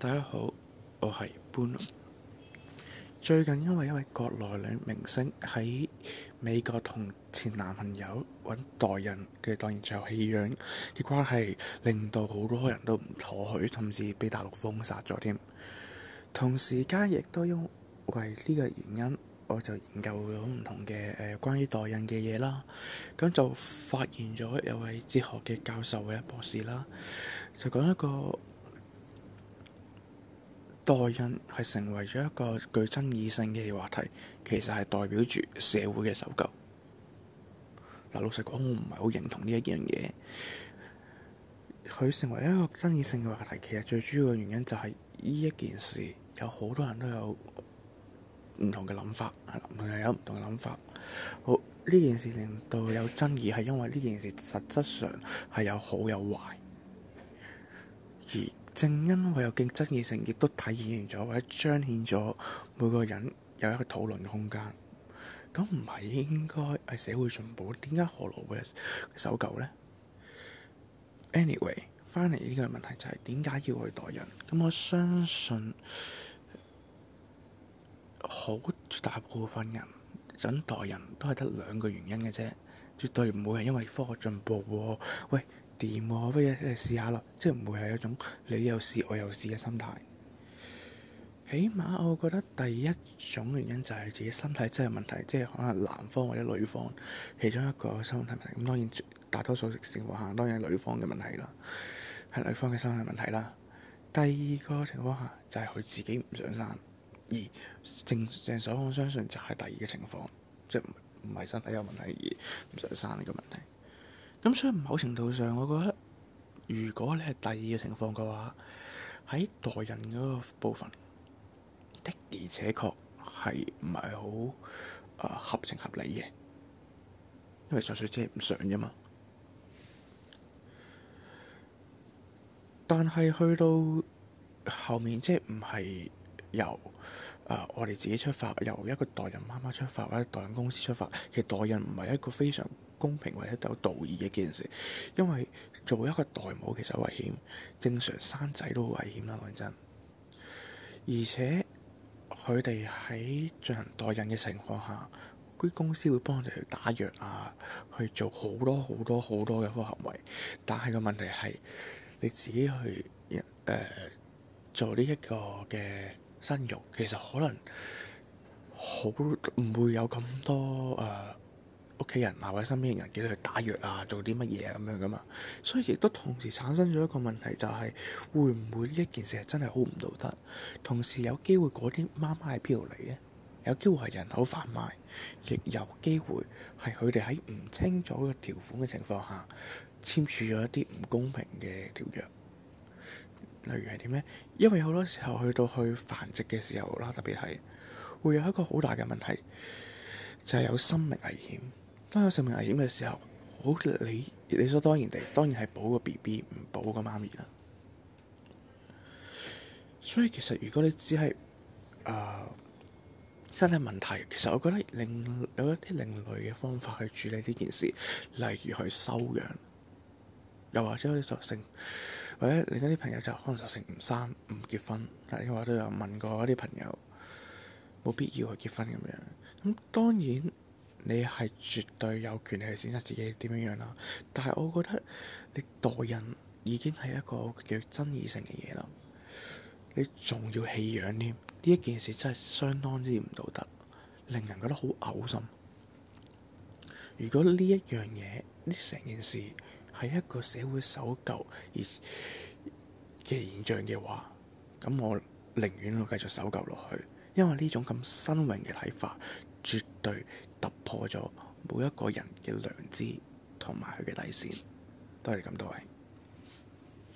大家好，我係搬。最近因為一位國內女明星喺美國同前男朋友揾代孕嘅，當然就棄養嘅關係，令到好多人都唔妥佢，甚至被大陸封殺咗添。同時間亦都因為呢個原因，我就研究咗唔同嘅誒、呃、關於代孕嘅嘢啦。咁就發現咗有位哲學嘅教授嘅博士啦，就講一個。代孕係成為咗一個具爭議性嘅話題，其實係代表住社會嘅守舊。嗱，老實講，我唔係好認同呢一樣嘢。佢成為一個爭議性嘅話題，其實最主要嘅原因就係呢一件事有好多人都有唔同嘅諗法，係啦，佢又有唔同嘅諗法。好，呢件事令到有爭議，係因為呢件事實質上係有好有壞，而正因為有極爭議性，亦都體現咗或者彰顯咗每個人有一個討論嘅空間。咁唔係應該係社會進步？點解何來會守舊呢？Anyway，翻嚟呢個問題就係點解要去待人？咁我相信好大部分人想待人都係得兩個原因嘅啫，絕對唔會係因為科學進步喎，哦。喂！掂喎、啊，不如試一試下咯，即係唔會係一種你又試我又試嘅心態。起碼我覺得第一種原因就係自己身體真係問題，即係可能男方或者女方其中一個身體問題。咁當然大多數情況下當然係女方嘅問題啦，係女方嘅身體問題啦。第二個情況下就係、是、佢自己唔想生，而正正所我相信就係第二個情況，即係唔係身體有問題而唔想生呢個問題。咁所以，某程度上，我覺得如果你係第二個情況嘅話，喺代孕嗰個部分的而且確係唔係好啊合情合理嘅，因為純粹即係唔想啫嘛。但係去到後面，即係唔係由啊、呃、我哋自己出發，由一個代孕媽媽出發，或者代孕公司出發，其實代孕唔係一個非常公平或者有道義嘅一件事，因為做一個代母其實好危險，正常生仔都好危險啦，講真。而且佢哋喺進行代孕嘅情況下，佢公司會幫佢哋去打藥啊，去做好多好多好多嘅科學維。但係個問題係，你自己去誒、呃、做呢一個嘅生育，其實可能好唔會有咁多誒。呃屋企人或者身邊嘅人叫你去打藥啊，做啲乜嘢啊咁樣噶嘛，所以亦都同時產生咗一個問題，就是，就係會唔會呢一件事係真係好唔道德？同時有機會嗰啲媽媽係邊度嚟呢？有機會係人口販賣，亦有機會係佢哋喺唔清楚嘅條款嘅情況下簽署咗一啲唔公平嘅條約。例如係點呢？因為好多時候去到去繁殖嘅時候啦，特別係會有一個好大嘅問題，就係，是、有生命危險。當有性命危險嘅時候，好理理所當然地，當然係保個 BB，唔保個媽咪啦。所以其實如果你只係誒、呃、身體問題，其實我覺得另有一啲另類嘅方法去處理呢件事，例如去收養，又或者嗰啲索性，或者你嗰啲朋友就可能索性唔生唔結婚。嗱，因為我都有問過一啲朋友，冇必要去結婚咁樣。咁當然。你係絕對有權利去選擇自己點樣樣啦，但係我覺得你代孕已經係一個叫爭議性嘅嘢啦，你仲要棄養添，呢一件事真係相當之唔道德，令人覺得好嘔心。如果呢一樣嘢，呢成件事係一個社會守舊而嘅現象嘅話，咁我寧願繼續守舊落去，因為呢種咁新穎嘅睇法，絕對突破咗每一個人嘅良知同埋佢嘅底線，多謝咁多位。